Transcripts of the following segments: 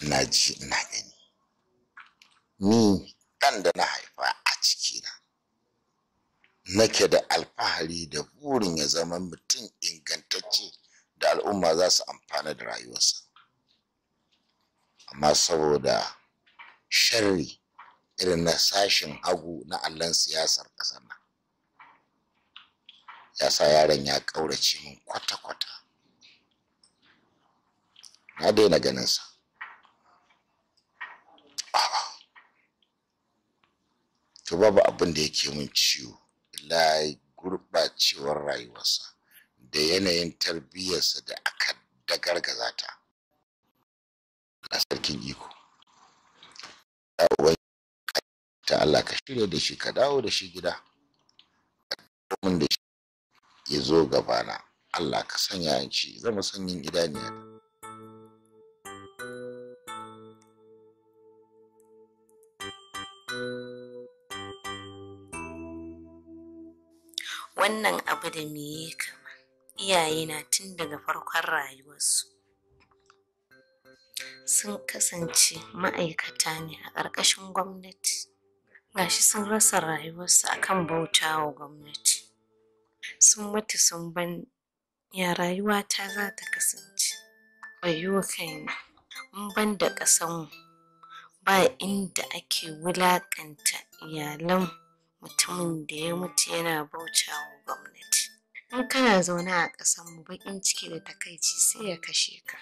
na ji ina gani ni dan da na haifa a cikina nake da alfahari da burin ya zama mutum ingantacce da al'umma za su amfana da rayuwarsa amma saboda sharri irin na sashin hagu na allon siyasar ƙasar nan ya sa yaron ya ƙaurace min kwata-kwata na daina ganinsa to babu abin da yake mun ciwo illa gurbacewar rayuwarsa da yanayin tarbiyyarsa da aka dagargaza ta a sarkin iko ta Allah ka shirya da shi ka dawo da shi gida mun da shi ya zo gabana Allah ka sanya yanci zama sanyin idaniya da me ya kama na tun daga farkon rayuwarsu sun kasance ma'aikata ne a ƙarƙashin gwamnati gashi sun rasa rayuwarsu akan bauta wa gwamnati sun mutu sun ban ya rayuwata za ta kasance wayo kaina in ban da ƙasanmu ba inda ake wulaƙanta iyalan mutumin da ya mutu yana bauta wa gwamnati in kana zaune a mu baƙin ciki da takaici sai ya kashe ka.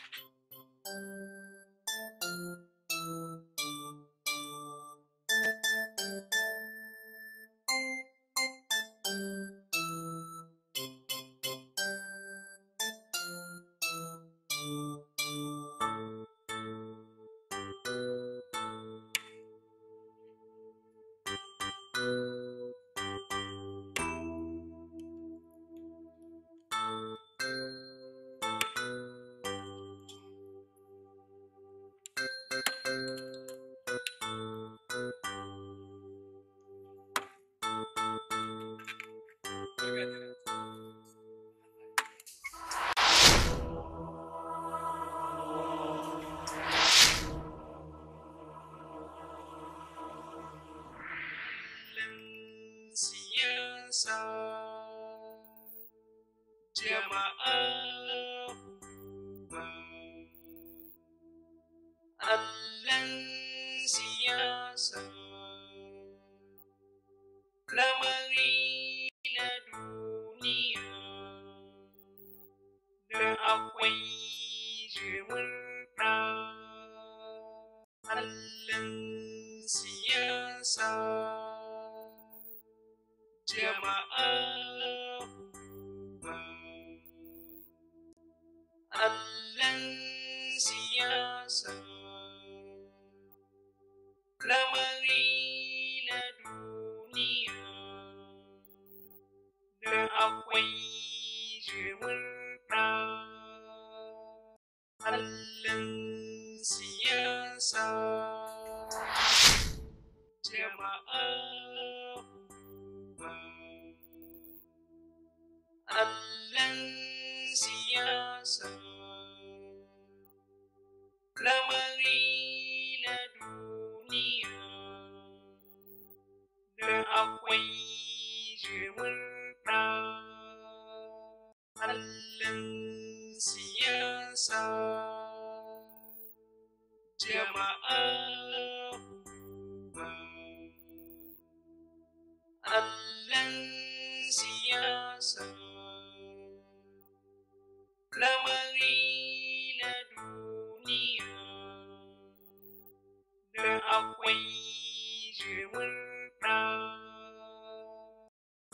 murna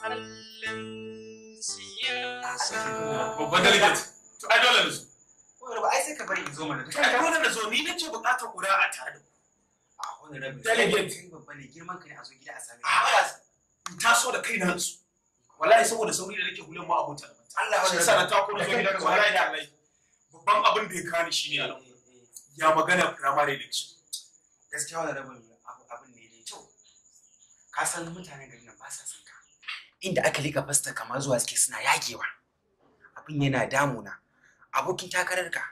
Allon Babban to dole ba ai sai ka bari in zo mana Dole nace bukatar kura a tare da ku. Kai babba ne girman a zo gida a ah, da kai na su. saboda sauri da mu ya sa na da Babban abin da ya kani shi ne a Ya magana primary election. Gaskiya wani rabin ka san mutanen garin nan ba sa son ka inda aka lika fasta kamar zuwa suke suna yagewa abin yana damuna abokin takarar ka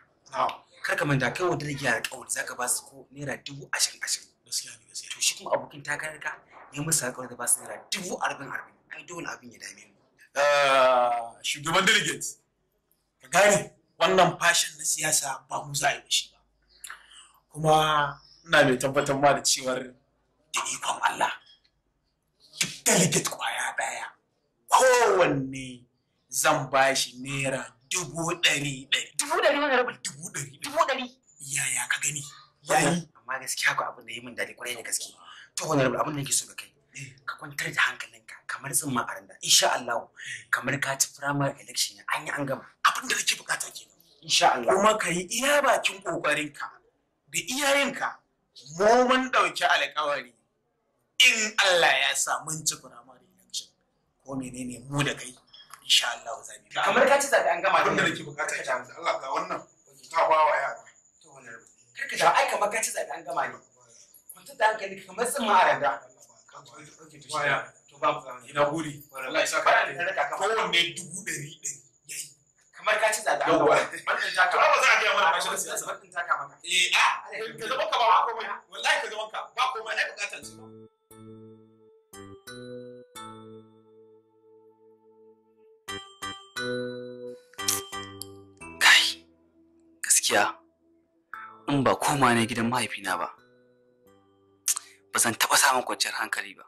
kar ka manta kai wanda rage alƙawari zaka ba su ko naira dubu ashirin ashirin gaskiya ne gaskiya to shi kuma abokin takarar ka ya masa alƙawari da ba su naira dubu arba'in arba'in ai dole abin ya dame mu eh, shugaban delegate ka gane wannan fashin na siyasa ba mu za a yi shi ba kuma ina mai tabbatar ma da cewar da ikon Allah delegate kwaya daya kowanne zan ba shi naira dubu ɗari ɗari. Dubu ɗari wani rabin? Dubu ɗari. Dubu ɗari. Yaya ka gani? Yayi. Amma gaskiya haka abin da ya min daɗi kwarai da gaske. To wani rabin abin da nake so ga kai. Eh. Ka kwantar da hankalinka kamar zan a randa. Insha Allah eh. kamar ka ci primary election ya an yi an gama. Abin da nake bukata kenan. Insha Allah. Kuma ka yi iya bakin kokarinka da iyayenka. Mu mun ɗauki alƙawari in Allah ya samu mun ci primary election ko menene mu da kai insha Allah za mu kamar ka ci zabi an gama abin da nake bukata ka jami'a Allah ga wannan ta bawa yara to wannan kai ka ai kamar ka ci zabi an gama ne kwanta da hankali kamar sun ma aranda to babu ina guri wallahi ya saka ko kowanne dubu ɗari ɗari kamar ka ci zabi zaɓe yawwa wannan taka ba za a ga mana bashin siyasa wannan ka maka eh a ah. ka zama ka ba komai wallahi ka zama ka ba komai ai bukatar ce ba Kai, gaskiya, in ba koma ne gidan mahaifina ba, ba zan taɓa samun kwanciyar hankali ba.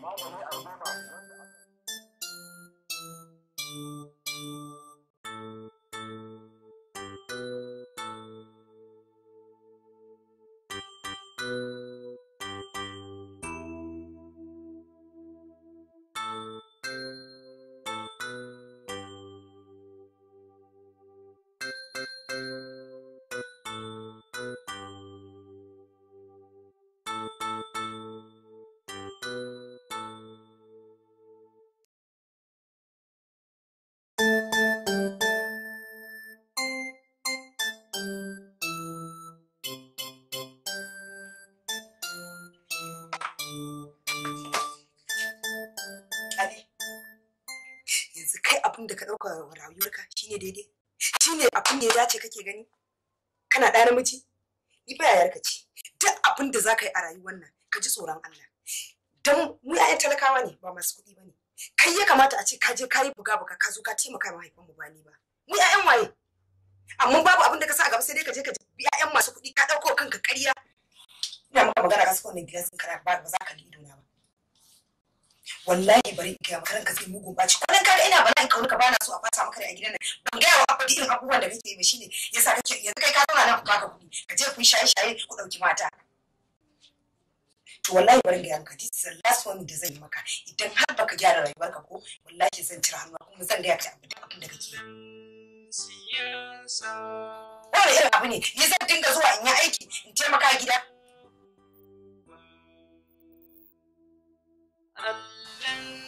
Mama, I'm da ka ɗauka rayuwarka shine daidai shine abin da ya dace kake gani kana ɗa namiji ni ba ka ce duk abin da za ka yi a rayuwar nan ka ji tsoron Allah don mu yayan talakawa ne ba masu kuɗi ba ne kai ya kamata a ce ka je ka yi buga buga ka zo ka taimaka mahaifin mu ba ni ba mu yan waye amma babu abin da ka sa a gaba sai dai ka je ka bi yan masu kuɗi ka ɗauko kanka ƙarya ina maka magana ka saka gidan sun kara ba za ka li idona ba wallahi bari in kai maka ranka zai mugun ɓaci kwarai ina in kauna ka bana so a fasa maka da a gidan nan ban gaya wa kuɗi irin abubuwan da kake yi shine yasa kake yanzu kai ka zauna na ku baka kuɗi ka je ku shaye shaye ku ɗauki mata to wallahi bari ga yanka this is the last one da zan yi maka idan har baka gyara ka ko wallahi zan cire hannu kuma zan gaya ka abin da kake yi. wani irin abu ne ni zan dinga zuwa in yi aiki in taimaka gida you.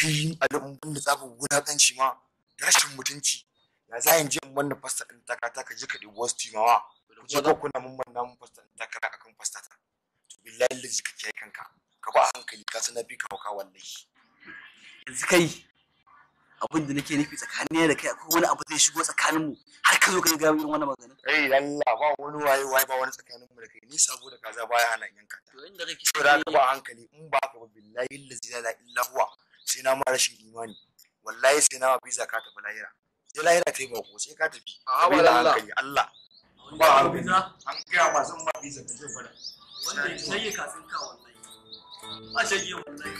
kai a lambun da tsafa wulaƙanci ma rashin mutunci ya za in je in wannan fasta ɗin taka taka je ka ɗigo wasu timawa ku je ka kuna mun manna mun fasta ɗin taka akan fasta ta to billahi lazi ka kiyaye kanka ka ba hankali ka sanar bi ka hauka wallahi yanzu kai abin da nake nufi tsakanin da kai akwai wani abu zai shigo tsakanin mu har ka zo ka ga irin wannan magana eh lalla ba wani waye waye ba wani tsakanin mu da kai ni sabo da kaza baya hana yanka to inda kake so da ka ba hankali in ba ka ba billahi lazi la ilaha illallah sai na mara shi imani wallahi sai na ma biza ka tafi lahira sai lahira ta yi bako sai ka tafi a wala hankali Allah ba visa an gaya ma sun ma biza ka zai fara. wanda sai ya kafin ka wallahi ba shege wallahi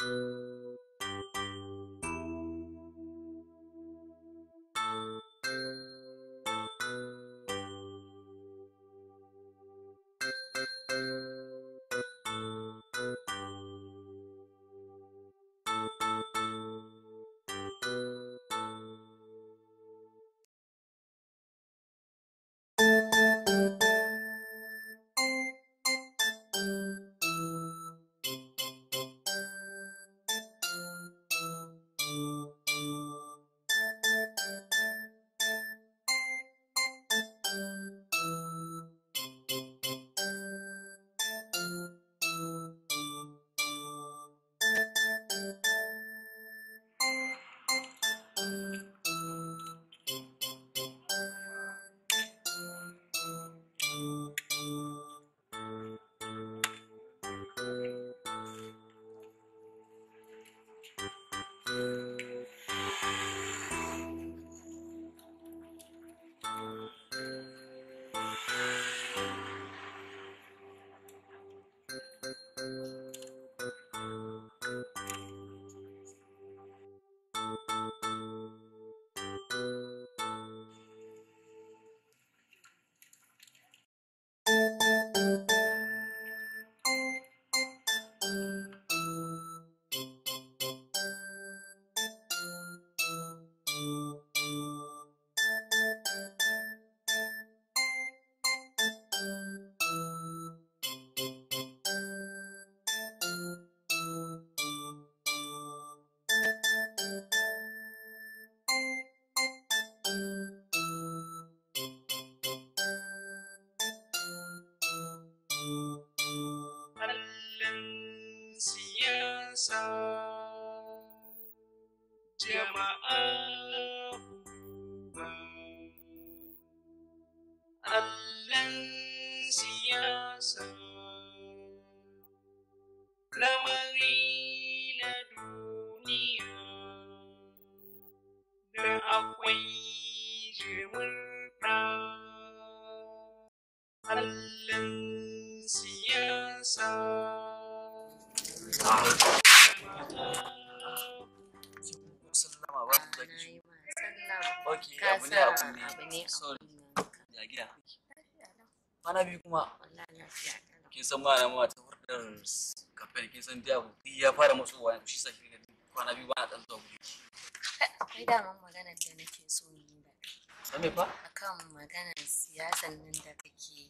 Thank you. Uh... So. na biyu kuma kin san ma ma ta hurdar kafin kin san dai ku ya fara musu yanzu shi sa kin gani kwana biyu ba na dan zuwa guri akwai daman magana da nake so yi ba? sani fa akan maganar siyasan nan da kake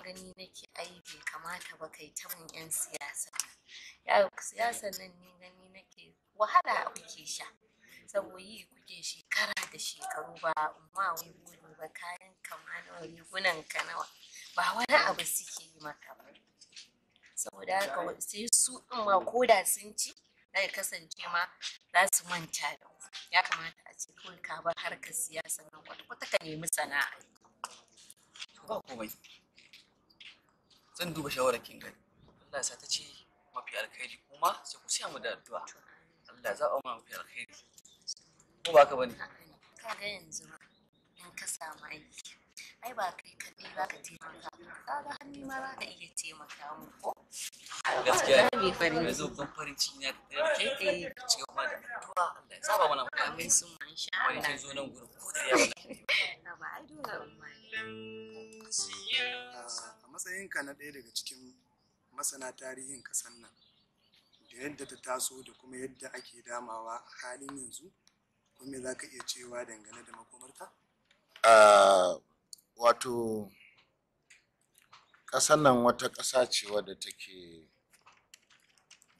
gani nake ai bai kamata ba kai ta mun yan siyasa ya siyasan nan ni gani nake wahala kuke sha saboda yi kuke shekara da shekaru ba amma wai ba kayan kamar nawa rigunan kanawa nawa ba wani abu suke yi maka ba saboda haka sai su in ma ko da sun ci zai kasance ma za su manta da ya kamata a ce kawai ka bar harkar siyasa nan kwata-kwata ka nemi sana'a ba komai zan duba shawarar kin gani Allah sa ta ce mafi alkhairi kuma sai ku siya mu da addu'a Allah za a ma mafi alkhairi ko ba ka bane ka ga yanzu in ka samu aiki ai ba kai kaɗai za ka taimaka kaga hannu ma za ka iya taimaka mu ko gaskiya ya zo kun farin ciki na da ke ce kuma da addu'a Allah ya saba mana mutane amin sun man sha Allah wani zo nan gurin ko da ya na ba ai dole umma a matsayinka na ɗaya daga cikin masana tarihin kasan nan da yadda ta taso da kuma yadda ake damawa a halin yanzu kuma za ka iya cewa dangane da makomarta? Ah, wato ƙasar nan wata ƙasa ce wadda take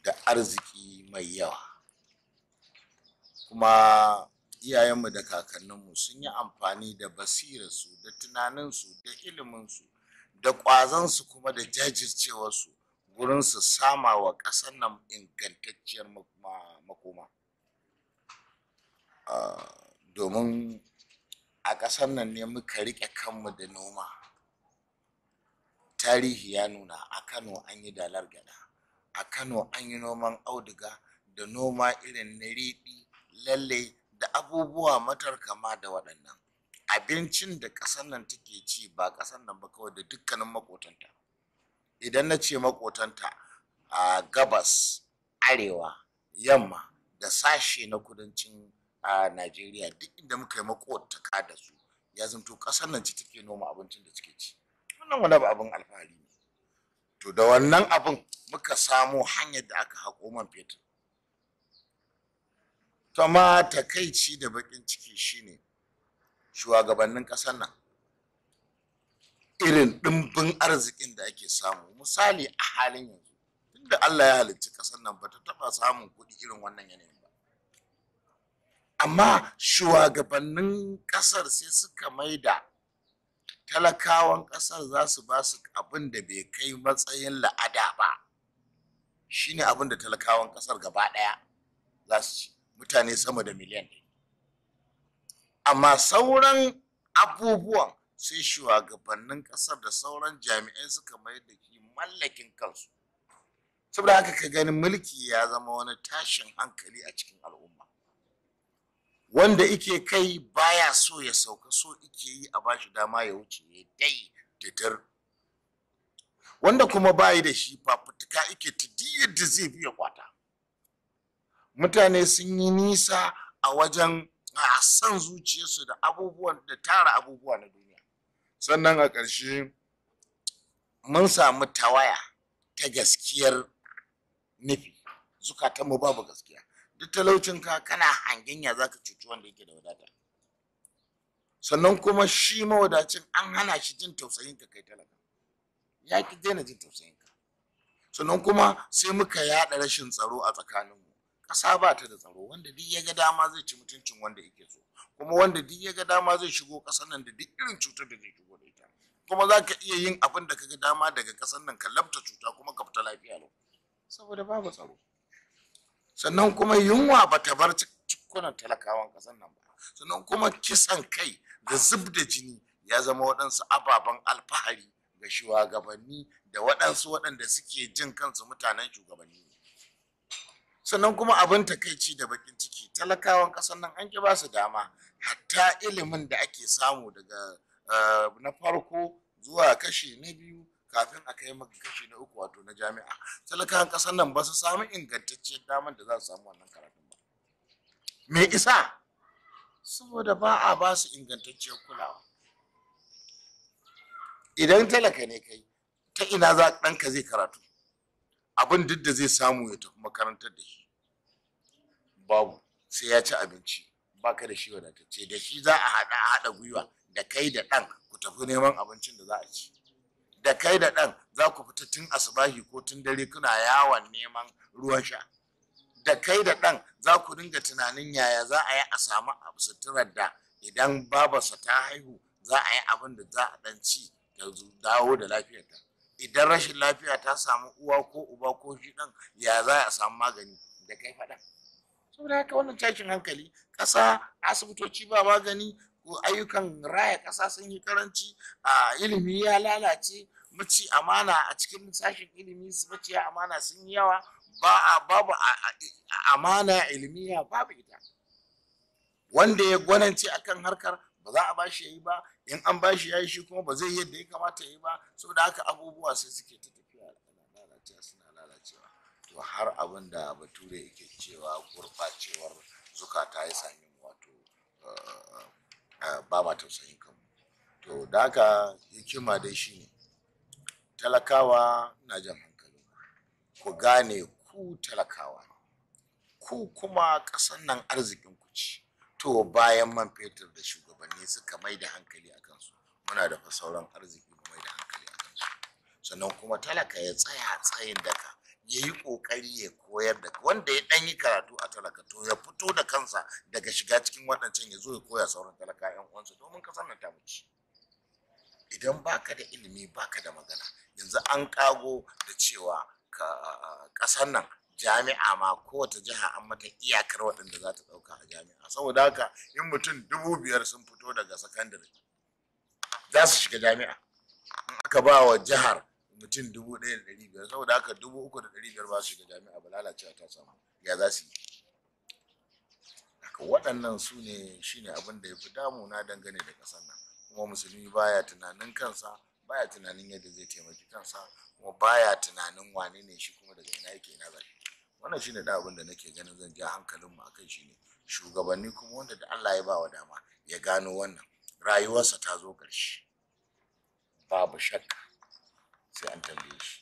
da arziki mai yawa kuma iyayenmu da kakanninmu sun yi amfani da basirarsu da tunaninsu da iliminsu da ƙwazansu kuma da jajircewarsu gurin su sama wa ƙasar nan ingantacciyar makoma ah, domin a ƙasar nan ne muka riƙe kanmu da noma tarihi ya nuna a kano an yi dalar gada a kano an yi noman auduga da noma irin na riɗi lalle da abubuwa matarkama da waɗannan abincin da ƙasar nan take ci ba ƙasar nan ba kawai da dukkanin makotanta idan na ce makotanta a gabas arewa yamma da sashe na kudancin a Najeriya duk inda muka yi makotaka da su ya zanto ƙasar nan ci take noma abincin da suke ci wannan wani abin alfahari ne to da wannan abin muka samo hanyar da aka haƙo man fetur to amma takaici da baƙin ciki shine shugabannin ƙasar nan irin dimbin arzikin da ake samu misali a halin yanzu tunda Allah ya halicci ƙasar nan ba ta taɓa samun kuɗi irin wannan yanayin amma shugabannin ƙasar sai suka maida talakawan ƙasar za su ba su abin da bai kai matsayin la'ada ba shine abin da talakawan ƙasar gaba ɗaya za su ci mutane sama da miliyan amma sauran abubuwan sai shugabannin ƙasar da sauran jami'ai suka mai da shi mallakin kansu saboda haka ka ganin mulki ya zama wani tashin hankali a cikin al'umma wanda ike kai baya so ya sauka so ike yi a bashi dama ya wuce ya dai titir wanda kuma bayi da shi fafutuka ike tidiyar da zai biya kwata mutane sun yi nisa a wajen a san zuciyarsu da abubuwan da tara abubuwa na duniya sannan a ƙarshe mun samu tawaya ta gaskiyar nufi zukatanmu babu gaskiya duk talaucinka kana hangenya ya zaka cuci wanda yake da wadata sannan kuma shi mawadacin an hana shi jin tausayin ka kai talaka ya ki daina jin tausayin ka sannan kuma sai muka yada rashin tsaro a tsakaninmu ƙasa ba ta da tsaro wanda duk ya ga dama zai ci mutuncin wanda yake so kuma wanda duk ya ga dama zai shigo ƙasar nan da duk irin cutar da zai shigo da ita kuma za ka iya yin abin da ka ga dama daga ƙasar nan ka labta cuta kuma ka fita lafiya lau saboda babu tsaro sannan kuma yunwa ba ta bar cikunan talakawan kasan nan ba sannan kuma kisan kai da zub da jini ya zama waɗansu ababen alfahari ga shugabanni da waɗansu waɗanda suke jin kansu mutanen shugabanni sannan kuma abin takaici da bakin ciki talakawan kasan nan an ki ba su dama hatta ilimin da ake samu daga eh, na farko zuwa kashi na biyu kafin a kai maka kashi na uku wato na jami'a talakawan kasar nan ba su samu ingantacciyar damar da za su samu wannan karatun ba me isa saboda ba a ba su ingantacciyar kulawa idan talaka ne kai ta ina za ɗanka zai karatu abin duk da zai samu ya tafi makarantar da shi babu sai ya ci abinci baka da shi wadatacce da shi za a haɗa a haɗa gwiwa da kai da ɗan ku tafi neman abincin da za a ci da kai da ɗan za ku fita tun asubahi ko tun dare kuna yawon neman ruwan sha da kai da ɗan za ku dinga tunanin yaya za a yi a samu abu suturar da idan babarsa ta haihu za a yi abin da za a ɗan ci da dawo da lafiyarta idan rashin lafiya ta samu uwa ko uba ko shi ɗan ya za a samu magani da kai faɗa saboda haka wannan tashin hankali ƙasa asibitoci ba magani ayyukan raya ƙasa sun yi karanci a ilimi ya lalace mace amana a cikin sashen ilimi su mace amana sun yi yawa ba a babu amana ilimiya babu ita wanda ya gwanance akan harkar ba za a bashi yi ba in an bashi yi shi kuma ba zai yadda ya kamata yi ba saboda haka abubuwa sai suke ta tafiya lalacewa suna lalacewa to har abin da bature yake cewa gurbacewar zukata ya sami wato ba ma tausayin kanmu to da haka hikima dai shi ne. talakawa na jan hankali ku gane ku talakawa ku kuma ƙasan nan arzikin ku to bayan man fetur da shugabanni suka mai da hankali a kansu muna da fa sauran arziki mai da hankali a kansu sannan kuma talaka ya tsaya tsayin daka ya yi ƙoƙari ya koyar da wanda ya ɗan yi karatu a talaka to ya fito da kansa daga shiga cikin waɗancan ya zo ya koya sauran talaka yan uwansa domin ka nan ta mace idan baka da ilimi baka da magana yanzu an ƙago da cewa ƙasar nan jami'a ma kowace jiha an mata iyakar waɗanda za ta ɗauka a jami'a saboda haka in mutum dubu biyar sun fito daga sakandare za su shiga jami'a in aka ba wa jihar mutum dubu ɗaya da ɗari biyar saboda haka dubu uku da ɗari biyar ba su da jami'a ba lalacewa ta samu ya za su yi haka waɗannan su ne shi ne abin da ya fi damu na dangane da ƙasar nan kuma musulmi baya tunanin kansa baya tunanin yadda zai taimaki kansa kuma baya tunanin wane ne shi kuma daga ina yake ina zai wannan ne da abin da nake ganin zan ja hankalin mu akan ne, shugabanni kuma wanda da Allah ya ba wa dama ya gano wannan rayuwarsa ta zo ƙarshe babu shakka sai an tambaye shi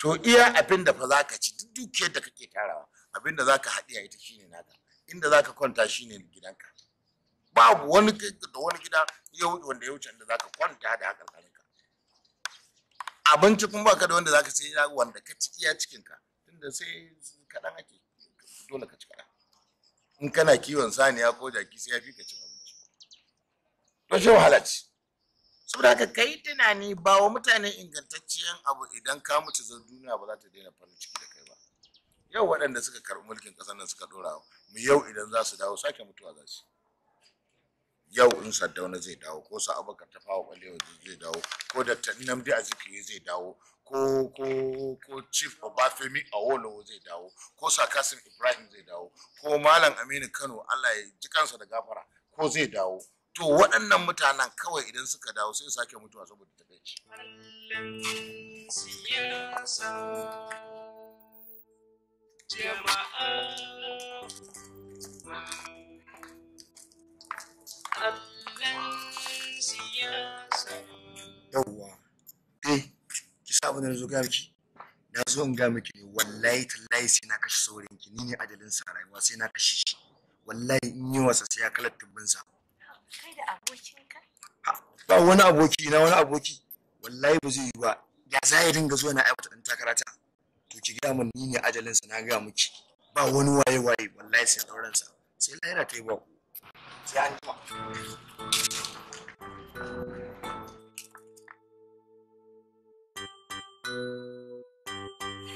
to iya abin da fa za ka ci duk dukiyar da kake tarawa abin da za ka haɗe a ita shine naka inda za ka kwanta shine gidanka babu wani da wani gida yau wanda ya wuce inda za ka kwanta da haka kanka abinci kuma baka da wanda za ka sai wanda ka ci iya cikinka tunda sai kaɗan ake dole ka ci kaɗan in kana kiwon saniya ko jaki sai ya fi ka ci abinci to shi wahala ce saboda ka yi tunani ba wa mutane ingantacciyar abu idan ka mutu zan duniya ba za ta daina farin ciki da kai ba yau waɗanda suka karɓi mulkin ƙasar nan suka ɗora mu yau idan za su dawo sake mutuwa za su yau in saddauna zai dawo ko sa abakar ta fawa ɓalewa zai dawo ko da a zikiri zai dawo ko ko ko chief obafemi awolowo zai dawo ko sa kasim ibrahim zai dawo ko malam aminu kano allah ya ji kansa da gafara ko zai dawo to waɗannan mutanen kawai idan suka dawo sai sake mutuwa saboda ta kai yawwa eh ki sa abin da zo ga miki na zo in ga miki wallahi tallahi sai na kashe saurinki ni ne adalin sa rayuwa sai na kashe shi wallahi in yi wasa sai ya kalar tumbin sa Ba wani aboki na wani aboki. Wallahi ba zai yi ba. Ya za ya dinga zuwa na aibata ɗan takarata To ki gaya min ni ne ajalinsa na gaya miki. Ba wani waye waye wallahi sai ɗauransa. Sai lahira ta yi ba. Sai an jima.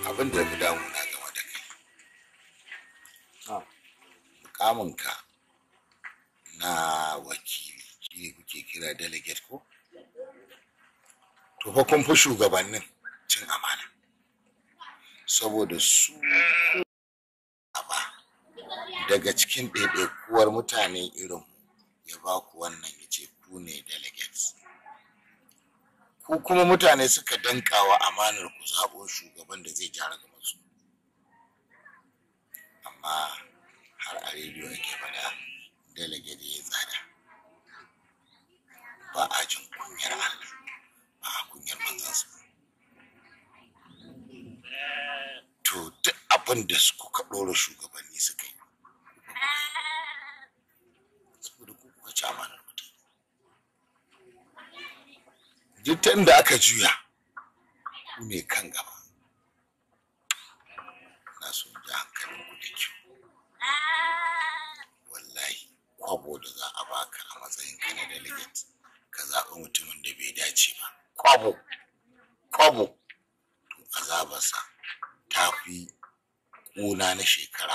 Abin da ya fi damu na game da kai. Ah. Mukaminka na wakili shi ne kuke kira delegate ko to fa fi shugabannin cin amana saboda su ba daga cikin ɗaiɗaikuwar mutane irin ya ba ku wannan ya ce ku ne delegates ku kuma mutane suka dankawa amanar ku zaɓo shugaban da zai gyara ga su amma har a rediyo yake faɗa delegate ya tsada ba a jin kunyar Allah ba a kunyar manzansa to duk abin da kuka ɗora shugabanni suka yi saboda ku kuka ci amanar duk da aka juya ku ne kan gaba juna na shekara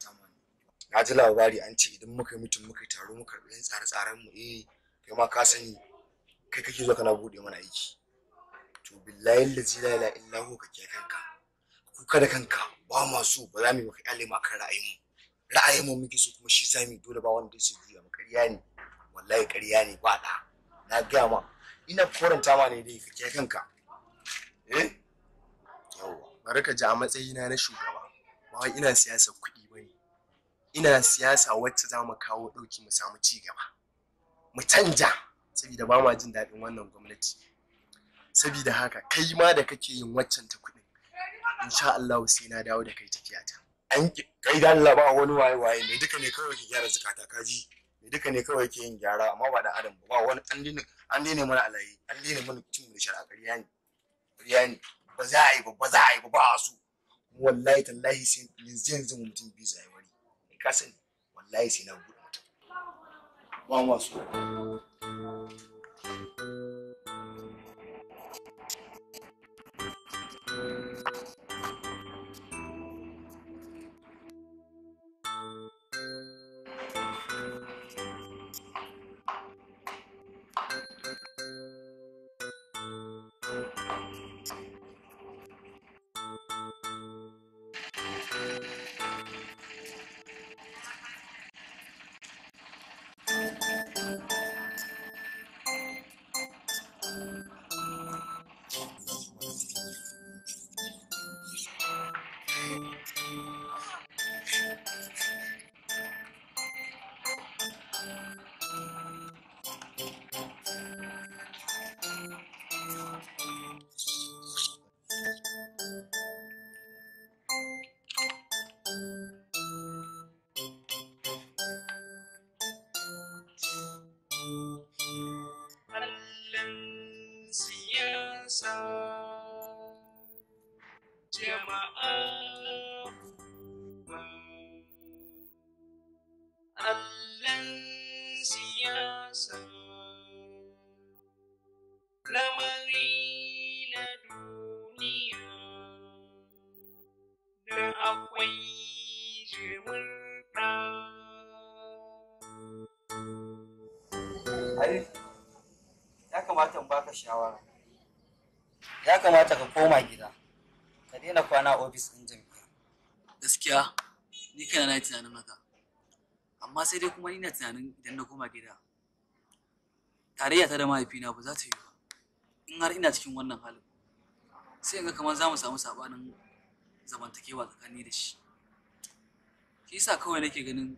ji labari an ce idan muka yi mutum muka yi taro muka yi tsare-tsaren mu eh kai ma ka sani kai kake zo kana bude mana aiki to billahi la ilaha illa hu ka ke kanka kuka da kanka ba ma so ba za mu maka yalle ma kan ra'ayin mu ra'ayin mu muke so kuma shi za mu dole ba wanda zai ji mu ƙarya ne wallahi ƙarya ne ba da na gaya ma ina koranta ma ne dai ka ke kanka eh yawa bari ka ji a matsayina na shugaba ba ina siyasar kuɗi ina siyasa wacce za mu kawo ɗauki mu samu ci gaba mu canja saboda ba ma jin daɗin wannan gwamnati saboda haka kai ma da kake yin waccan ta kuɗin insha Allah sai na dawo da kai ta an kai da Allah ba wani waye waye ne duka ne kawai ke gyara zakata kaji ne duka ne kawai ke yin gyara amma ba da adam ba wani an dinin an dinin mana alayi an dinin mana cin mu shara ƙarya ne ƙarya ne ba za a yi ba ba za a yi ba ba su wallahi tallahi sai yanzu yanzu mutum biza yi ka sani wallahi sai na buɗe mutum wan wasu ya kamata in baka shawara. Ya kamata ka koma gida, ka daina kwana ofis ɗin jami'a. Gaskiya, ni kana na yi tunanin haka. Amma sai dai kuma ni na tunanin idan na koma gida. Tarayya ta da mahaifina ba za ta yi ba. In har ina cikin wannan halin, sai in ga kamar za mu samu saɓanin zamantakewa tsakani da shi. Shi sa kawai nake ganin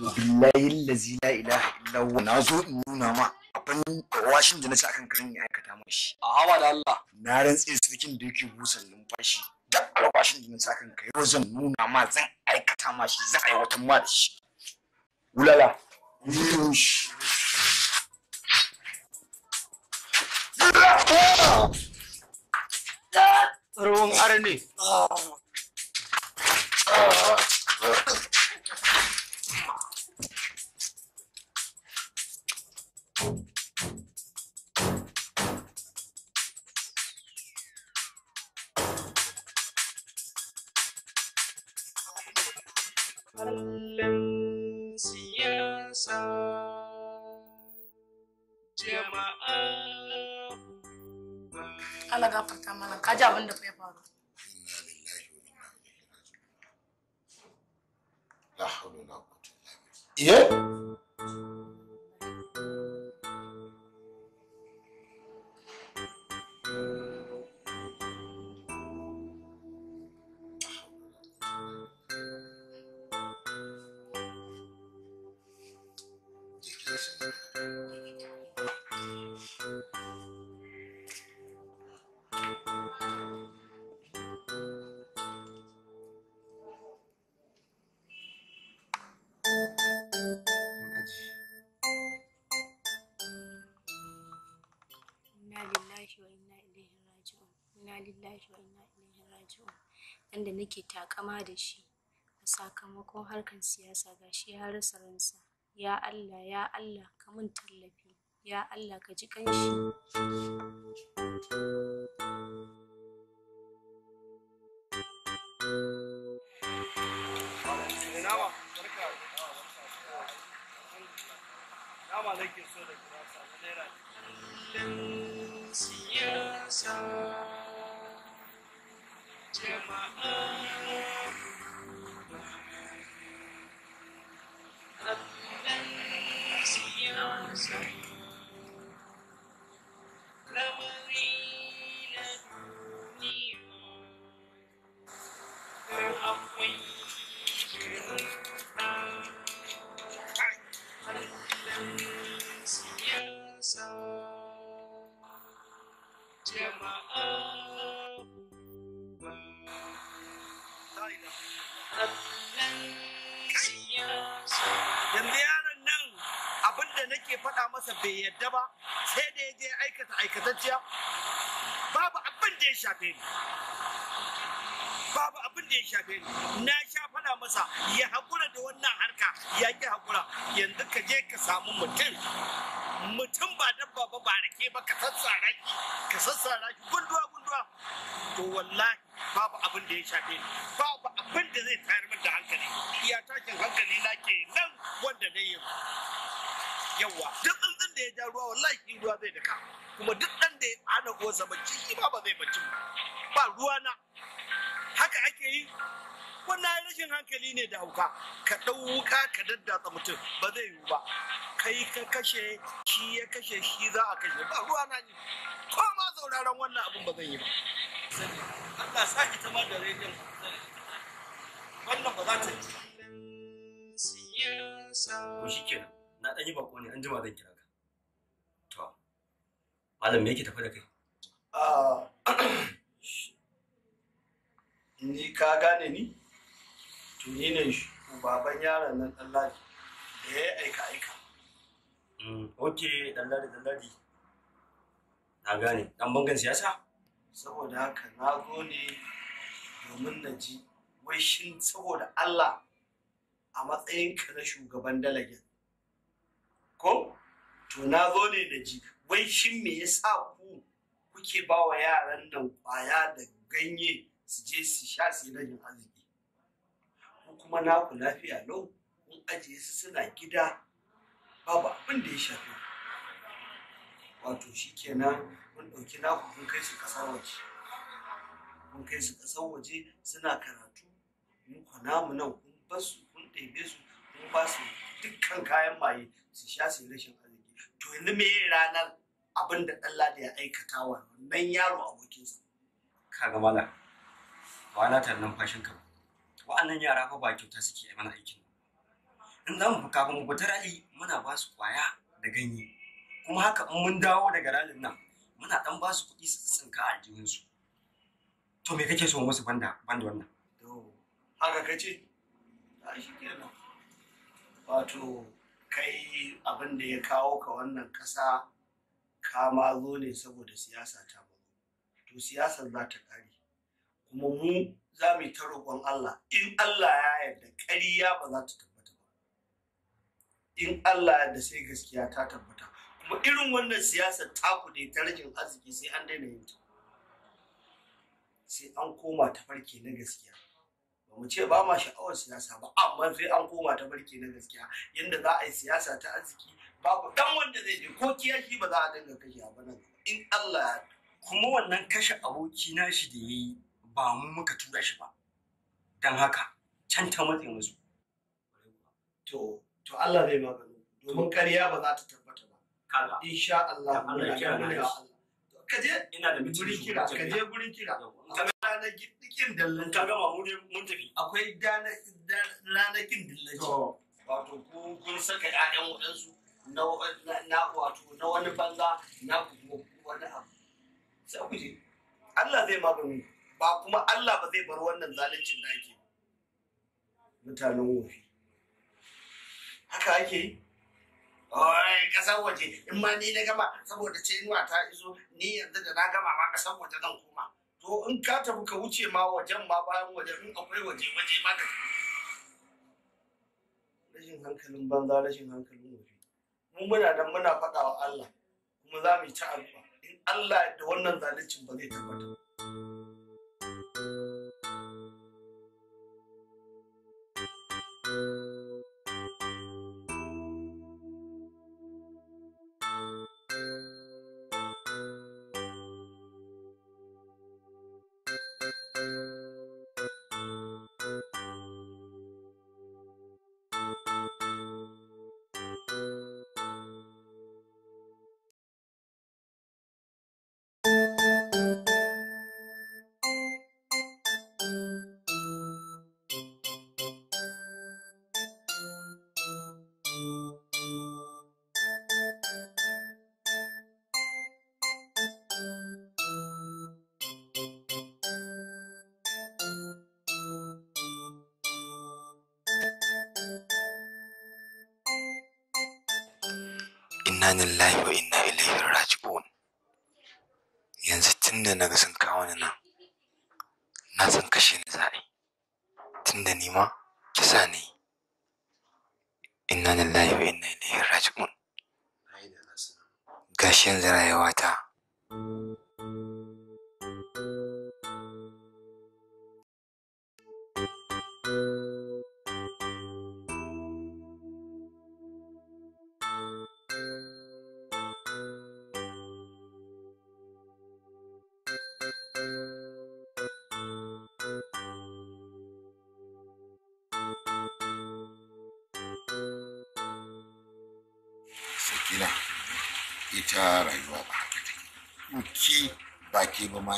billahi lazi la ilaha illallah na zo in nuna ma abin washin da na ci akan karin ya aikata mashi. a hawa da Allah na rantse sirkin da yake busan numfashi da albashin da na ci akan kai zan nuna ma zan aikata mashi, shi zan aiwatar ma da shi wulala shi ruwan arne ah. nake takama da shi a sakamakon harkar siyasa gashi ya rasa ransa ya Allah ya Allah ka mun tallafi ya Allah ka ji kanshi Thank you. so da Amazing. bai yadda ba sai da ya je aikata aikatacciya babu abin da ya shafe ni babu abin da ya shafe ni na sha fada masa ya haƙura da wannan harka ya ki haƙura yanzu ka je ka samu mutum mutum ba dabba ba ba rake ba ka sassara ki ka sassara ki gunduwa gunduwa to wallahi babu abin da ya shafe ni babu abin da zai tayar min da hankali iya tashin hankali na ke nan wanda na yi yawa duk ɗan da ya ja ruwa wallahi shi ruwa zai daka kuma duk ɗan da ya hana uwarsa bacci shi ba ba zai bacci ba ruwa na haka ake yi wannan rashin hankali ne da hauka ka ɗau wuka ka daddatsa mutum ba zai yiwu ba kai ka kashe shi ya kashe shi za a kashe ba ruwa na ne ko ma sauraron wannan abin ba zan yi ba Allah sa ki tamar da rediyon wannan ba za ta yi ku shi kenan na ɗan yi bako ne an jima zan kira ka to malam me yake tafi da kai ah, ni ka gane ni to ni ne baban yaron nan ɗanladi da ya aika aika mm, ok ɗanladi ɗanladi na gane Dan bangan siyasa saboda haka na zo ne domin na ji wai shin saboda Allah a matsayinka na shugaban dalagen ko to na zo ne da ji wai shi me yasa ku kuke ba wa yaran nan kwaya da ganye su je su sha su yi rajin arziki ko kuma na ku lafiya lau kun ajiye su suna gida babu abin da ya shafi wato shikenan mun ɗauki naku kun kai su ƙasar waje mun kai su ƙasar waje suna karatu mun kwana mu nan kun basu kun ɗebe su kun ba su dukkan kayan maye su sha su rashin arziki to yanzu me ranar abin da Allah da ya aikata wa wannan yaro abokinsa kaga mala ba na tar numfashin ka wa'annan yara fa ba kyauta suke yi mana aikin in zamu mu kafin mu fita rali muna ba su kwaya da ganye kuma haka in mun dawo daga ralin nan muna dan ba su kuɗi su tsinka a jikinsu to me kake so musu banda banda wannan haka kace a shi kenan wato kai abin da ya kawo ka wannan ƙasa ka zo ne saboda siyasa ta ba to siyasar za ta ƙare kuma mu za mu ta roƙon Allah in Allah ya yarda ƙarya ba za ta tabbata ba in Allah ya yarda sai gaskiya ta tabbata kuma irin wannan siyasar taku ne ta rajin arziki sai an daina yin ta sai an koma ta farke na gaskiya ba mu ce ba ma sha'awar siyasa ba amma sai an koma ta barke na gaskiya yadda za a yi siyasa ta arziki babu dan wanda zai je ko shi ba za a dinga kashe ba nan in Allah ya kuma wannan kashe aboki na shi da yayi ba mu muka tura shi ba dan haka can ta matse musu to to Allah zai magana domin ƙarya ba za ta tabbata ba kaga insha Allah Allah ya kira ka je ina da mutum ka je gurin kira ranakin kin dillanci ka gama mu ne mun tafi akwai ranakin dillanci wato ko kun saka ƴaƴan waɗansu na wato na wani banza na kuma wani abu sai ku je Allah zai magani ba kuma Allah ba zai bar wannan zaluncin da ake mutanen wofi haka ake yi Oi, kasar waje, in ma ni na gama saboda ce ta iso, ni yanzu da na gama ma kasar waje zan koma. to in ka tafi ka wuce ma wajen ma bayan wajen in akwai waje waje ma ka rashin hankalin banza rashin hankalin waje mu muna dan muna faɗa wa Allah kuma za mu ci alfa in Allah da wannan zaluncin ba zai tabbata ba inna lillahi wa inna ilaihi raji'un yanzu tunda naga sun kawo ni nan na san kashe ni za a tunda ni ma kisa ne inna lillahi wa inna ilaihi raji'un gashin yanzu rayuwa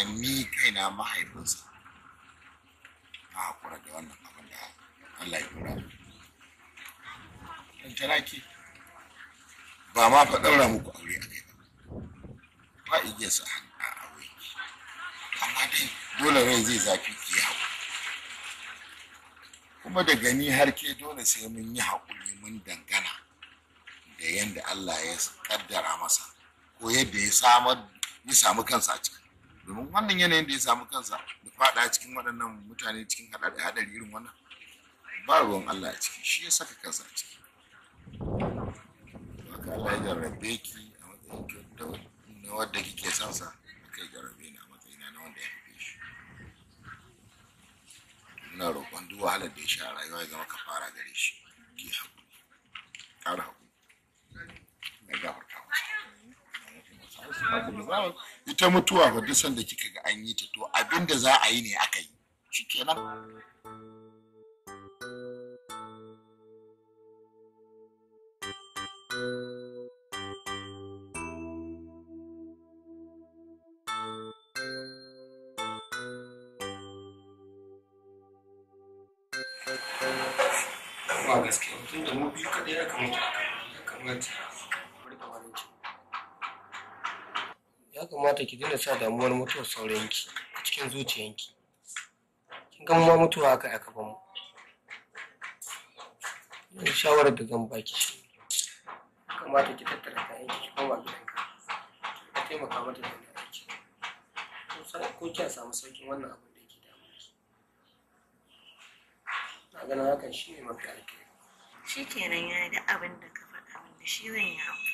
ni kaina mahaifinsa na haƙura da wannan abin da Allah ya kura. Ɗan taraki ba ma faɗar ramu muku aure a kai ba igiyar sa a aure amma dai dole rai zai zafi ki haƙu kuma da gani har ke dole sai mun yi haƙuri mun dangana da yadda Allah ya kaddara masa ko yadda ya samar ya samu kansa a cikin domin wannan yanayin da ya samu kansa da fada cikin waɗannan mutane cikin haɗari irin wannan ba ruwan Allah a ciki shi ya saka kansa a ciki ka Allah ya jarrabe ki a matsayin kyauta na wadda kike sansa sa kai jarrabe na a matsayina na wanda ya haife shi na roƙon duk wahalar da ya sha rayuwa ya zama ka fara gare shi ki haƙuri ƙara haƙuri na gafarta ita mutuwa ba duk sanda kika ga an yi ta to abinda za a yi ne aka yi shikenan ba gaske mutum da mu biyu kaɗai ya kamata ya kamata kamata ki dinga sa damuwar mutuwar saurayinki a cikin zuciyanki kin ga ma mutuwa aka aka ban mu yanzu shawarar da zan baki shi kamata ki tattara kayan ki koma gidanka ka taimaka mata da aiki ko kya samu sauƙin wannan abin da yake damu na ganin hakan shi ne mafi alkhairi shi kenan ya da abin da ka faɗa min da shi zan yi amfani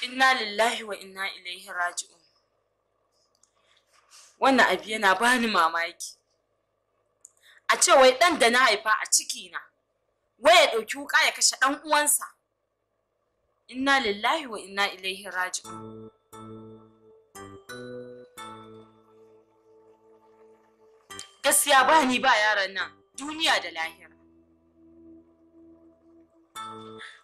inna lillahi wa inna ilaihi raji'un wannan abu yana bani mamaki a ce wai ɗan da na haifa a ciki na wai ya ɗauki wuƙa ya kashe ɗan uwansa inna lillahi wa inna ilaihi raji'un gaskiya bani ba yaran nan duniya da lahira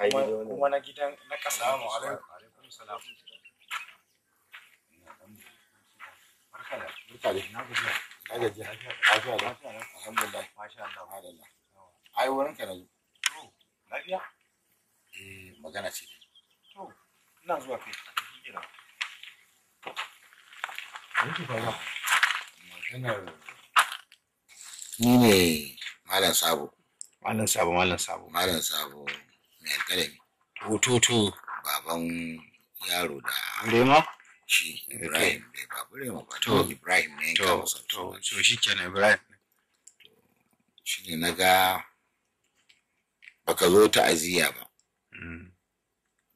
kuma na gidan na kasa mu alaikum salam ka eh, magana ce ina zuwa ni ne malam sabo malam sabo malam sabo malam sabo mai alƙalami hototo baban yaro da rema shi ibrahim ne babu rema ba to ibrahim ne ka masa to to shi kenan ibrahim shi ne na ga baka zo ta'aziyya ba mm.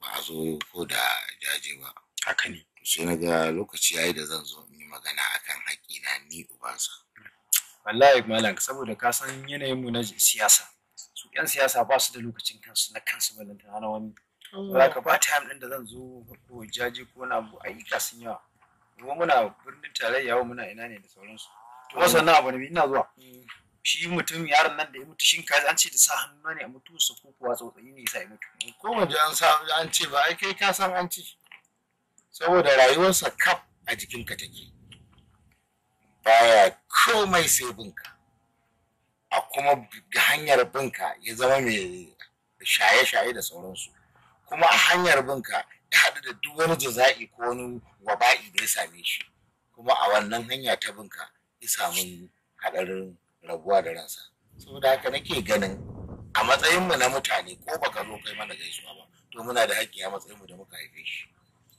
ba a zo ko da jaje ba haka ne sai na ga lokaci yayi da zan zo in yi magana akan haƙƙina ni ubansa wallahi malam saboda ka san yanayin mu na siyasa su yan siyasa ba su da lokacin kansu na kansu balantana na wani za ka ba ta ɗin da zan zo ko jaji ko na abu ayyuka sun yawa kuma muna birnin tarayya muna ina ne da sauransu to wasu wannan abu ne ina zuwa mm. shi mutum yaron nan da ya mutu shin kaji an ce da sa hannu ne a mutu su ko kuwa tsotsayi ne sa ya mutu ko waje an sa an ce ba ai kai ka san an ce saboda rayuwarsa kaf a jikinka take baya komai sai bunka. a kuma hanyar binka ya zama mai shaye-shaye da sauransu kuma a hanyar binka ya haɗu da duk wani jaza'i ko wani waba'i da ya same shi kuma a wannan hanya ta binka ya samu haɗarin rabuwa da ransa saboda haka nake ganin a matsayinmu na mutane ko baka zo kai mana gaisuwa ba to muna da haƙƙi a matsayinmu da muka haife shi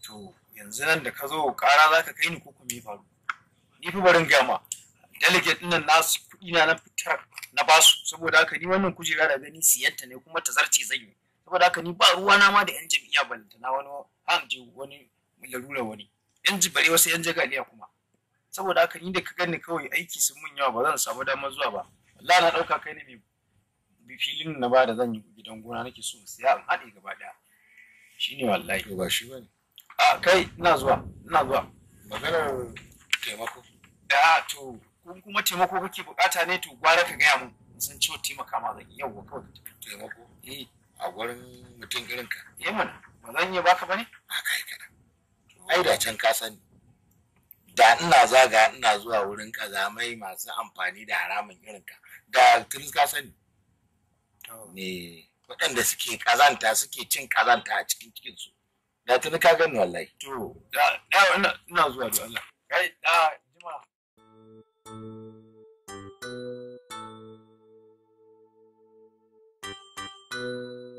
to yanzu nan da ka zo ƙara za ka kai ni ko kuma faru ni fi barin gama delegate ɗin nan nasu kuɗi na na fitar na basu saboda haka ni wannan kujera da gani siyanta ne kuma ta zarce zan yi saboda haka ni ba ruwa na ma da yan jam'iyya ballanta na wani je wani larura wani yan bare wasu yan jagaliya kuma saboda haka ni da ka gani kawai aiki sun mun yawa ba zan samu damar zuwa ba wallahi na dauka kai ne mai filin na ba da zan yi gidan gona nake so siya an hade gaba daya shine wallahi ba shi bane a kai ina zuwa ina zuwa maganar taimako da ah, to in kuma taimako kake bukata ne to gwara ka gaya mun san cewa taimaka ma zan yau kawai ka taimako eh a gurin mutum irin ka eh mana ba zan iya baka bane a kai kana ai da can ka sani da ina zaga ina zuwa wurin kazamai masu amfani da haramun irin ka da turis ka sani ne waɗanda suke kazanta suke cin kazanta a cikin cikin su da tuni ka gani wallahi to da ina zuwa da Allah kai da Thank you.